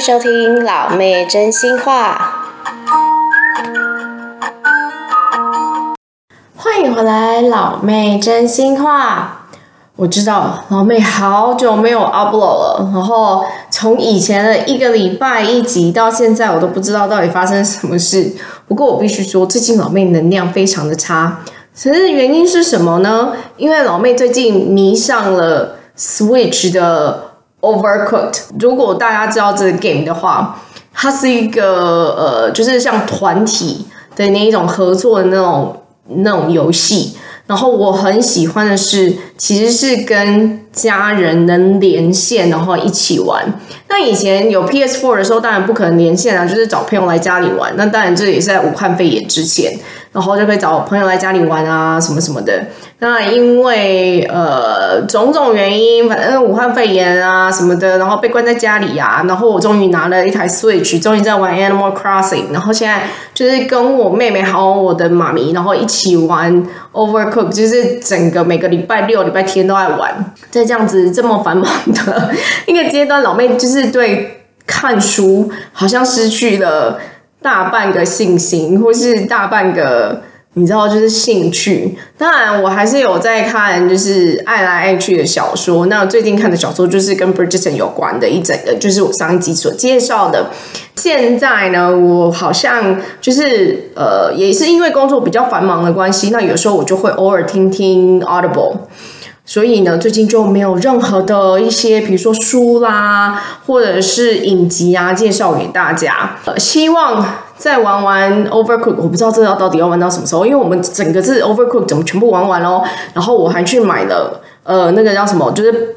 收聽老妹真心話，歡迎回來，老妹真心話。我知道老妹好久沒有 upload 了，然後從以前的一個禮拜一集到現在，我都不知道到底發生什麼事。不過我必須說，最近老妹能量非常的差，其實原因是什麼呢？因為老妹最近迷上了 Switch 的。Overcooked，如果大家知道這個 game 的話，它是一個呃，就是像團體的那一種合作的那種那種遊戲。然後我很喜歡的是。其實是跟家人能連線，然後一起玩。那以前有 PS4 的時候，當然不可能連線啊，就是找朋友來家裡玩。那當然這也是在武漢肺炎之前，然後就可以找朋友來家裡玩啊，什麼什麼的。那因為呃種種原因，反正武漢肺炎啊什麼的，然後被關在家裡呀、啊，然後我終於拿了一台 Switch，終於在玩 Animal Crossing，然後現在就是跟我妹妹還有我的媽咪，然後一起玩 Overcooked，就是整個每個禮拜六。禮拜天天都愛玩，在這樣子這麼繁忙的一個階段，老妹就是對看書好像失去了大半個信心，或是大半個你知道就是興趣。當然，我還是有在看，就是愛來愛去的小說。那最近看的小說就是跟 Bridgerton 有關的一整個，就是我上一集所介紹的。現在呢，我好像就是呃，也是因為工作比較繁忙的關係，那有時候我就會偶爾聽聽 Audible。所以呢，最近就沒有任何的一些，比如說書啦，或者是影集啊，介紹給大家。呃，希望再玩完 Overcooked，我不知道這要到底要玩到什麼時候，因為我們整個這 Overcooked 怎麼全部玩完嘍？然後我還去買了，呃，那個叫什麼，就是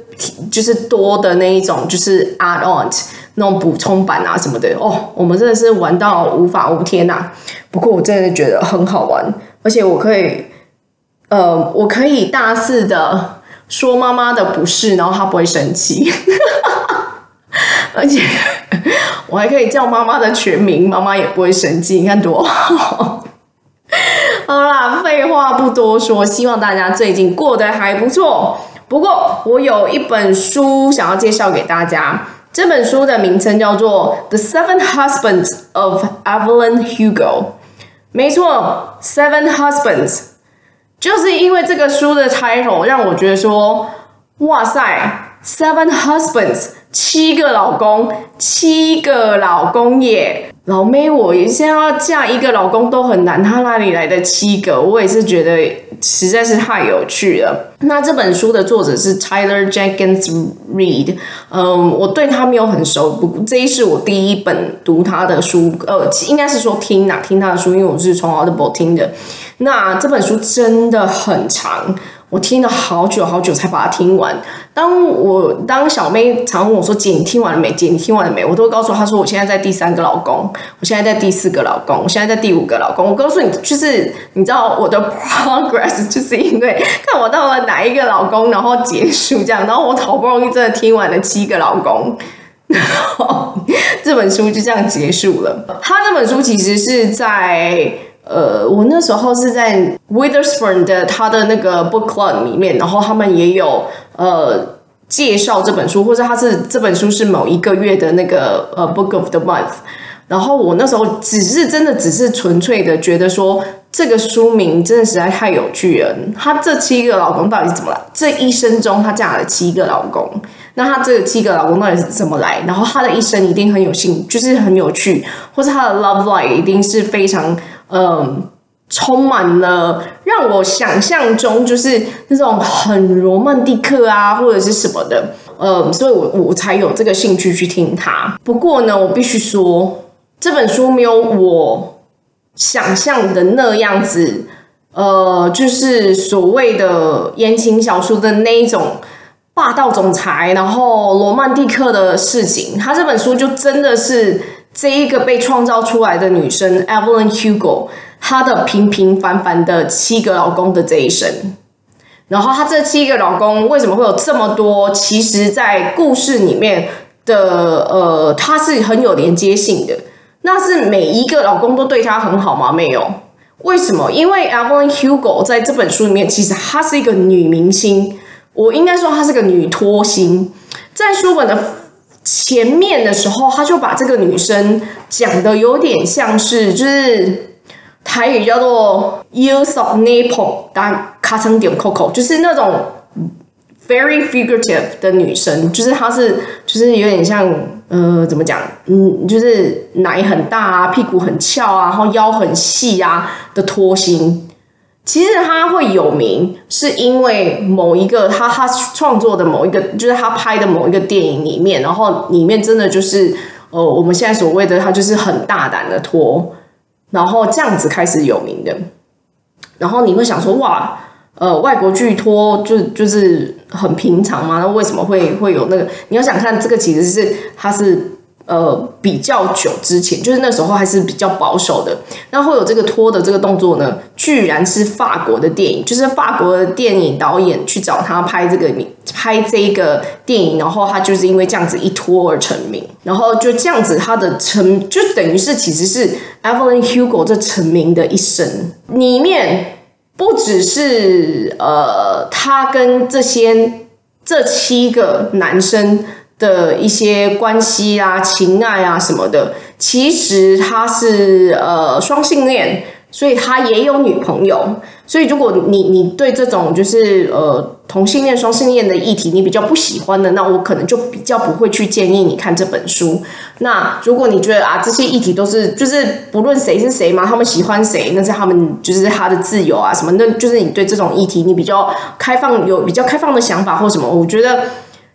就是多的那一種，就是 Add On 那種補充版啊什麼的。哦，我們真的是玩到無法無天吶啊！不過我真的覺得很好玩，而且我可以，呃，我可以大肆的。說媽媽的不是，然後她不會生氣， 而且我還可以叫媽媽的全名，媽媽也不會生氣，你看多好。 好啦，廢話不多說，希望大家最近過得還不錯。不過我有一本書想要介紹給大家，這本書的名稱叫做《The Seven Husbands of Evelyn Hugo》。沒錯，《Seven Husbands》。就是因為這個書的 title 讓我覺得說，哇塞，Seven Husbands，七個老公，七個老公耶。老妹，我也現在要嫁一個老公都很難，她哪裡來的七個？我也是覺得實在是太有趣了。那這本書的作者是 Taylor Jenkins Reid，嗯，我對他沒有很熟，不，這一是我第一本讀他的書，呃，應該是說聽哪、啊、聽他的書，因為我是從 Audible 聽的。那這本書真的很長，我聽了好久好久才把它聽完。當我當小妹常問我說：“姐，你聽完了沒？姐，你聽完了沒？”我都會告訴她說：“我現在在第三個老公，我現在在第四個老公，我現在在第五個老公。”我告訴你，就是你知道我的 progress 就是因為看我到了哪一個老公，然後結束這樣。然後我好不容易真的聽完了七個老公，然後這本書就這樣結束了。他這本書其實是在呃，我那時候是在 Witherspoon 的她的那個 book club 裡面，然後他們也有。呃，介紹這本書，或者他是這本書是某一個月的那個呃、uh, Book of the Month。然後我那時候只是真的只是純粹的覺得說，這個書名真的實在太有趣了。她這七個老公到底是怎麼來？這一生中她嫁了七個老公，那她這七個老公到底是怎麼來？然後她的一生一定很有幸，就是很有趣，或者她的 love life 一定是非常呃。充滿了讓我想象中就是那種很羅曼蒂克啊，或者是什麼的，呃，所以我我才有這個興趣去聽它。不過呢，我必須說，這本書沒有我想象的那樣子，呃，就是所謂的言情小說的那一種霸道總裁，然後羅曼蒂克的事情。它這本書就真的是這一個被創造出來的女生 Evelyn Hugo。她的平平凡凡的七個老公的這一生，然後她這七個老公為什麼會有這麼多？其實，在故事裡面的呃，她是很有連接性的。那是每一個老公都對她很好嗎？沒有。為什麼？因為 Evelyn Hugo 在這本書裡面，其實她是一個女明星。我應該說她是個女拖星。在書本的前面的時候，他就把這個女生講得有點像是就是。台語叫做 “use of nipple”，但咔嚓點扣扣，就是那種 very figurative 的女生，就是她是就是有點像呃，怎麼講？嗯，就是奶很大啊，屁股很翹啊，然後腰很細啊的脫星。其實她會有名，是因為某一個她她創作的某一個，就是她拍的某一個電影裡面，然後裡面真的就是呃，我們現在所謂的她就是很大膽的脫。然後這樣子開始有名的，然後你會想說哇，呃，外國劇托就就是很平常嘛？那為什麼會會有那個？你要想看這個，其實是它是。呃，比較久之前，就是那時候還是比較保守的。那會有這個脫的這個動作呢？居然是法國的電影，就是法國的電影導演去找他拍這個名，拍這一個電影，然後他就是因為這樣子一脫而成名。然後就這樣子，他的成就等於是其實是 Evelyn Hugo 這成名的一生裡面，不只是呃，他跟這些這七個男生。的一些關係啊、情愛啊什麼的，其實他是呃雙性戀，所以他也有女朋友。所以如果你你對這種就是呃同性戀、雙性戀的議題你比較不喜歡的，那我可能就比較不會去建議你看這本書。那如果你覺得啊這些議題都是就是不論誰是誰嘛，他們喜歡誰那是他們就是他的自由啊什麼，那就是你對這種議題你比較開放，有比較開放的想法或什麼，我覺得。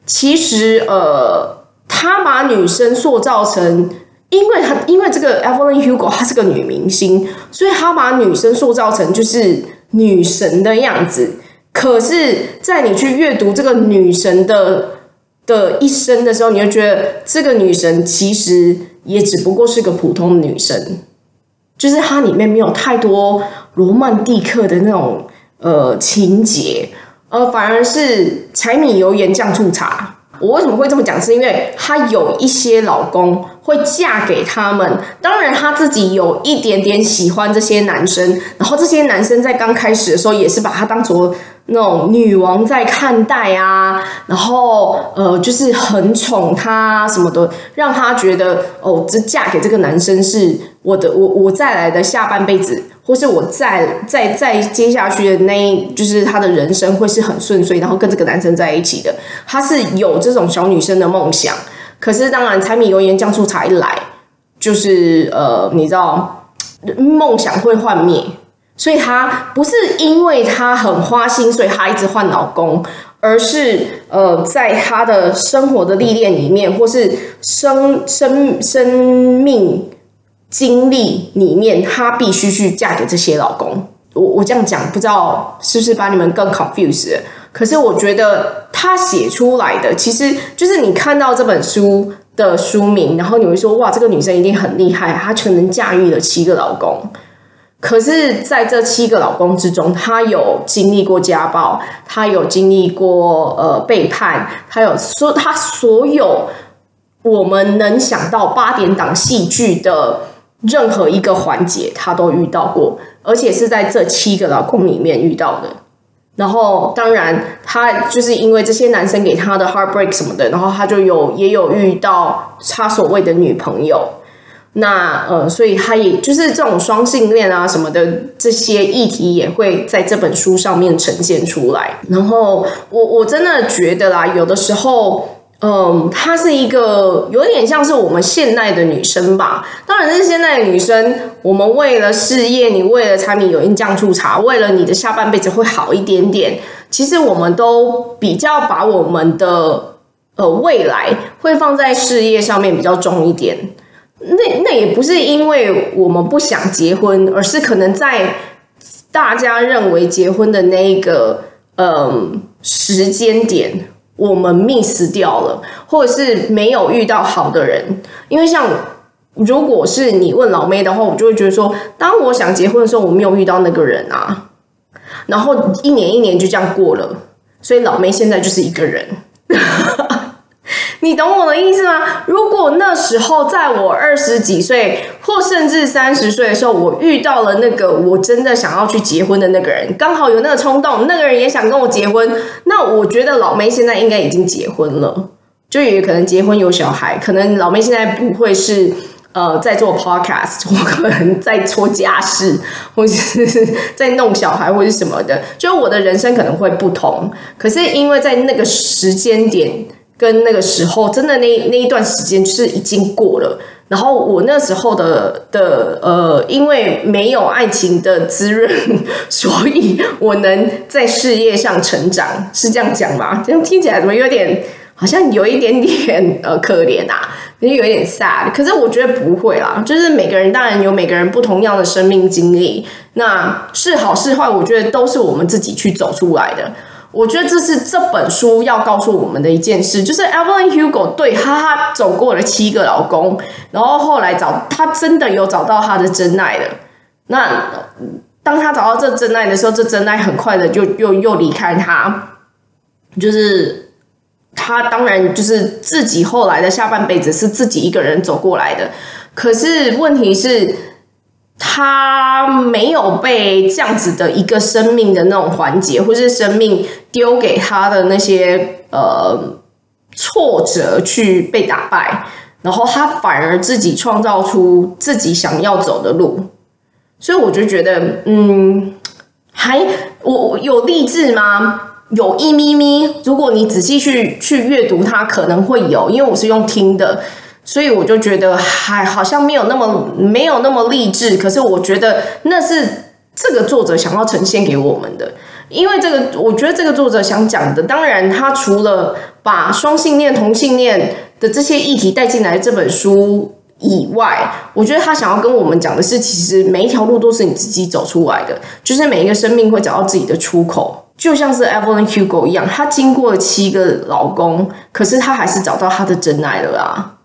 其實，呃，他把女生塑造成，因為他因為這個 Evelyn Hugo 她是個女明星，所以他把女生塑造成就是女神的樣子。可是，在你去閱讀這個女神的的一生的時候，你就覺得這個女神其實也只不過是個普通的女生，就是它裡面沒有太多羅曼蒂克的那種呃情節。呃，反而是柴米油鹽醬醋茶。我為什麼會這麼講？是因為她有一些老公會嫁給他們，當然她自己有一點點喜歡這些男生，然後這些男生在剛開始的時候也是把她當作。那、no, 種女王在看待啊，然後呃，就是很寵她、啊、什麼的，讓她覺得哦，這嫁給這個男生是我的，我我再來的下半輩子，或是我再再再接下去的那一，就是她的人生會是很順遂，然後跟這個男生在一起的。她是有這種小女生的夢想，可是當然，柴米油鹽醬醋茶一來，就是呃，你知道，夢想會幻滅。所以她不是因為她很花心，所以她一直換老公，而是呃，在她的生活的歷練裡面，或是生生生命經歷裡面，她必須去嫁給這些老公。我我這樣講，不知道是不是把你們更 confuse 了，可是我覺得她寫出來的，其實就是你看到這本書的書名，然後你會說，哇，這個女生一定很厲害，她全能駕馭了七個老公。可是，在這七個老公之中，她有經歷過家暴，她有經歷過呃背叛，她有說，她所有我們能想到八點檔戲劇的任何一個環節，她都遇到過，而且是在這七個老公裡面遇到的。然後，當然，她就是因為這些男生給她的 heartbreak 什麼的，然後她就有也有遇到她所謂的女朋友。那呃，所以他也就是這種雙性戀啊什麼的這些議題也會在這本書上面呈現出來。然後我我真的覺得啦，有的時候，嗯、呃，她是一個有點像是我們現代的女生吧。當然是現代的女生，我們為了事業，你為了柴米油鹽醬醋茶，為了你的下半輩子會好一點點。其實我們都比較把我們的呃未來會放在事業上面比較重一點。那那也不是因為我們不想結婚，而是可能在大家認為結婚的那一個嗯、呃，時間點，我們 miss 掉了，或者是沒有遇到好的人。因為像如果是你問老妹的話，我就會覺得說，當我想結婚的時候，我沒有遇到那個人啊，然後一年一年就這樣過了，所以老妹現在就是一個人。 你懂我的意思嗎？如果那時候在我二十幾歲，或甚至三十歲的時候，我遇到了那個我真的想要去結婚的那個人，剛好有那個衝動，那個人也想跟我結婚，那我覺得老妹現在應該已經結婚了，就也可能結婚有小孩，可能老妹現在不會是呃在做 podcast，或可能在做家事，或是在弄小孩或者什麼的，就我的人生可能會不同。可是因為在那個時間點。跟那個時候真的那那一段時間是已經過了，然後我那時候的的呃，因為沒有愛情的滋潤，所以我能在事業上成長，是這樣講嗎？這樣聽起來怎麼有點好像有一點點呃可憐吶、啊，有一點 sad。可是我覺得不會啦，就是每個人當然有每個人不同樣的生命經歷，那是好是壞，我覺得都是我們自己去走出來的。我覺得這是這本書要告訴我們的一件事，就是 Evelyn Hugo 對，哈哈走過了七個老公，然後後來找他真的有找到他的真愛了。那當他找到這真愛的時候，這真愛很快的就又又，又離開他，就是他當然就是自己後來的下半輩子是自己一個人走過來的。可是問題是。他沒有被這樣子的一個生命的那種環節，或是生命丟給他的那些呃挫折，去被打敗，然後他反而自己創造出自己想要走的路，所以我就覺得，嗯，還我有勵志嗎？有一咪咪，如果你仔細去去閱讀它，可能會有，因為我是用聽的。所以我就覺得，還好像沒有那麼沒有那麼勵志。可是我覺得那是這個作者想要呈現給我們的，因為這個我覺得這個作者想講的，當然他除了把雙性戀、同性戀的這些議題帶進來這本書以外，我覺得他想要跟我們講的是，其實每一條路都是你自己走出來的，就是每一個生命會找到自己的出口，就像是 Evelyn Hugo 一樣，她經過了七個老公，可是她還是找到她的真愛了啦、啊。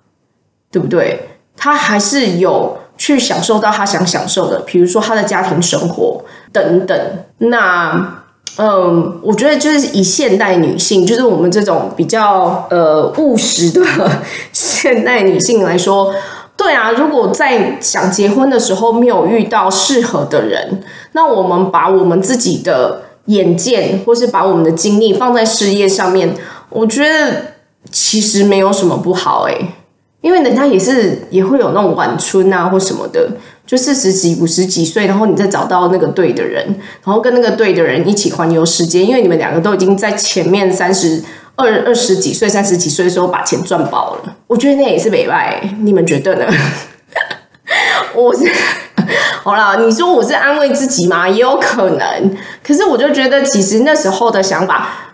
對不對？他還是有去享受到他想享受的，比如說他的家庭生活等等。那，嗯，我覺得就是以現代女性，就是我們這種比較呃務實的現代女性來說，對啊，如果在想結婚的時候沒有遇到適合的人，那我們把我們自己的眼見或是把我們的精力放在事業上面，我覺得其實沒有什麼不好哎、欸。因為人家也是也會有那種晚春啊，或什麼的，就四十幾、五十幾歲，然後你再找到那個對的人，然後跟那個對的人一起環遊世界。因為你們兩個都已經在前面三十二二十幾歲、三十幾歲的時候把錢賺爆了，我覺得那也是北敗。你們覺得呢？ 我是好啦。你說我是安慰自己嗎？也有可能。可是我就覺得，其實那時候的想法。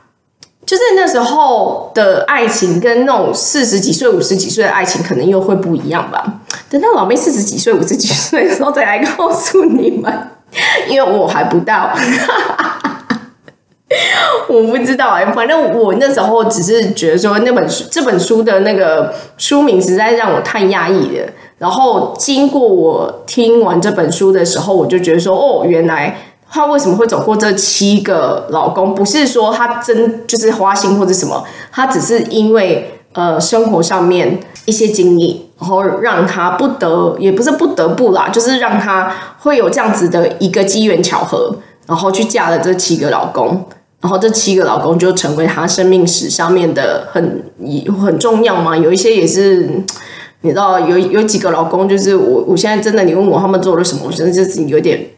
就是那時候的愛情，跟那種四十幾歲、五十幾歲的愛情，可能又會不一樣吧。等到老妹四十幾歲、五十幾歲的時候，再來告訴你們，因為我還不到， 我不知道哎，反正我那時候只是覺得說，那本這本書的那個書名實在讓我太壓抑了。然後經過我聽完這本書的時候，我就覺得說，哦，原來。她為什麼會走過這七個老公？不是說她真就是花心或者什麼，她只是因為呃生活上面一些經歷，然後讓她不得，也不是不得不啦，就是讓她會有這樣子的一個機緣巧合，然後去嫁了這七個老公，然後這七個老公就成為她生命史上面的很很重要嘛。有一些也是，你知道有有幾個老公，就是我我現在真的你問我他們做了什麼，我覺得這是有點。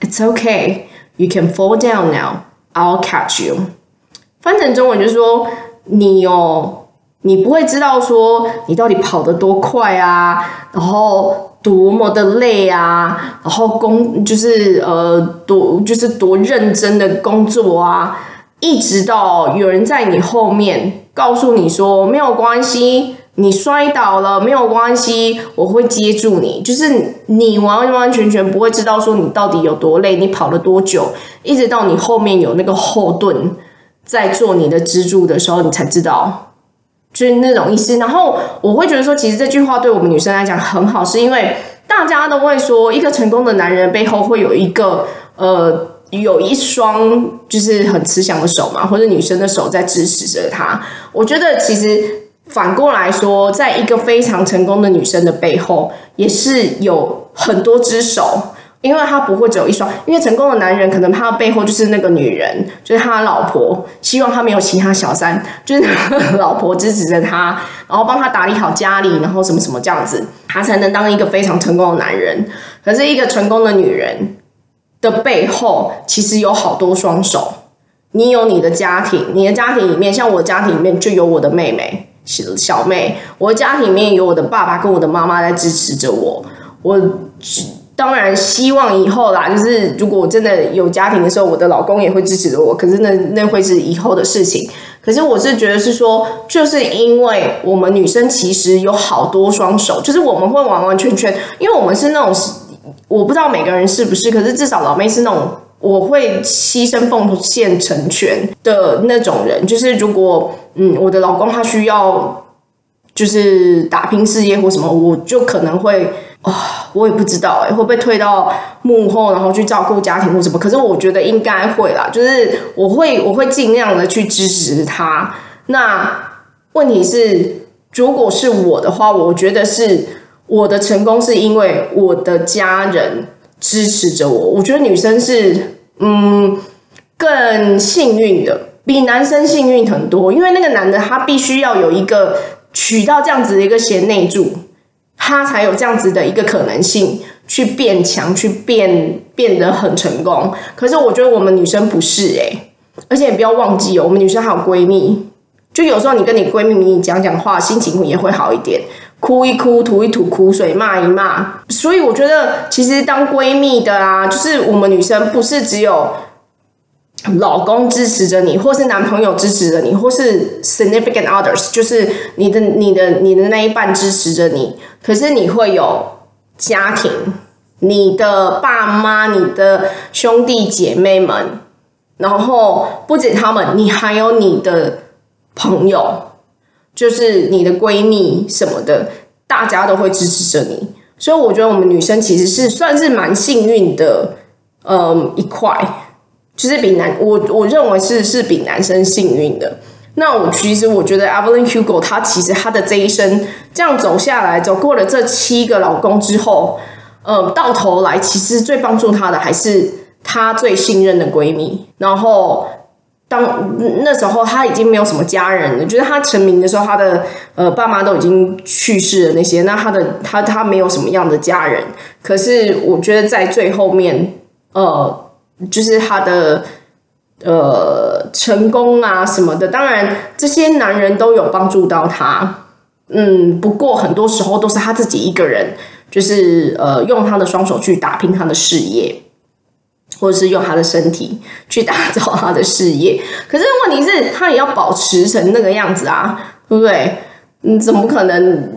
It's okay, you can fall down now. I'll catch you. 翻成中文就是說，你有、哦，你不會知道說你到底跑得多快啊，然後多麼的累啊，然後工就是呃多就是多認真的工作啊，一直到有人在你後面告訴你說沒有關係。你摔倒了，沒有關係，我會接住你。就是你完完全全不會知道說你到底有多累，你跑了多久，一直到你後面有那個後盾在做你的支柱的時候，你才知道。就是那種意思。然後我會覺得說，其實這句話對我們女生來講很好，是因為大家都會說，一個成功的男人背後會有一個呃，有一雙就是很慈祥的手嘛，或者女生的手在支持着他。我覺得其實。反過來說，在一個非常成功的女生的背後，也是有很多隻手，因為她不會只有一雙。因為成功的男人，可能他的背後就是那個女人，就是他的老婆，希望他沒有其他小三，就是老婆支持着他，然後幫他打理好家裡，然後什麼什麼這樣子，他才能當一個非常成功的男人。可是，一個成功的女人的背後，其實有好多雙手。你有你的家庭，你的家庭裡面，像我的家庭裡面就有我的妹妹。小小妹，我家庭裡面有我的爸爸跟我的媽媽在支持着我，我當然希望以後啦，就是如果我真的有家庭的時候，我的老公也會支持着我。可是那那會是以後的事情。可是我是覺得是說，就是因為我們女生其實有好多雙手，就是我們會完完全全，因為我們是那種，我不知道每個人是不是，可是至少老妹是那種。我會犧牲、奉獻、成全的那種人，就是如果嗯，我的老公他需要，就是打拼事業或什麼，我就可能會啊、哦，我也不知道哎、欸，會被推到幕後，然後去照顧家庭或什麼。可是我覺得應該會啦，就是我會我會盡量的去支持他。那問題是，如果是我的話，我覺得是我的成功是因為我的家人。支持着我，我覺得女生是，嗯，更幸運的，比男生幸運很多。因為那個男的他必須要有一個娶到這樣子的一個賢內助，他才有這樣子的一個可能性去變強，去變變得很成功。可是我覺得我們女生不是哎、欸，而且也不要忘記哦，我們女生還有閨蜜，就有時候你跟你閨蜜你講講話，心情也會好一點。哭一哭，吐一吐苦水，罵一罵。所以我覺得，其實當閨蜜的啊，就是我們女生不是只有老公支持着你，或是男朋友支持着你，或是 significant others，就是你的、你的、你的、你的那一半支持着你。可是你會有家庭，你的爸媽、你的兄弟姐妹們，然後不止他們，你還有你的朋友。就是你的閨蜜什麼的，大家都會支持着你，所以我覺得我們女生其實是算是蠻幸運的，嗯，一塊就是比男我我認為是是比男生幸運的。那我其實我覺得 Evelyn Hugo 她其實她的這一生這樣走下來，走過了這七個老公之後，嗯，到頭來其實最幫助她的還是她最信任的閨蜜，然後。當，那時候他已經沒有什麼家人了，就是他成名的時候，他的呃爸媽都已經去世了那些。那他的他他沒有什麼樣的家人，可是我覺得在最後面，呃，就是他的呃成功啊什麼的，當然這些男人都有幫助到他。嗯，不過很多時候都是他自己一個人，就是呃用他的雙手去打拼他的事業。或者是用他的身體去打造他的事業，可是問題是他也要保持成那個樣子啊，對不對？你怎麼可能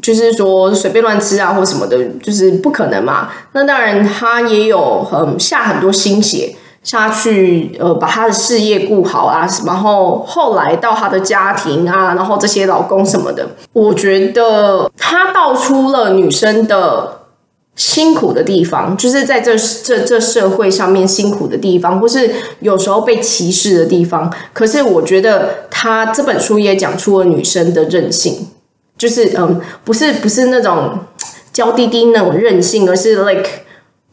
就是說隨便亂吃啊，或什麼的，就是不可能嘛。那當然，他也有很下很多心血，下去，呃，把他的事業顧好啊，然後後來到他的家庭啊，然後這些老公什麼的，我覺得他道出了女生的。辛苦的地方，就是在這這這社會上面辛苦的地方，或是有時候被歧視的地方。可是我覺得他這本書也講出了女生的任性，就是嗯，不是不是那種嬌滴滴那種任性，而是 like。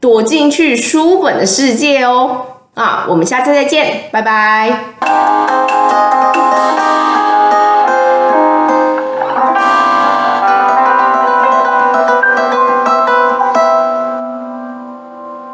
躲進去書本的世界哦。啊，我們下次再見，拜拜。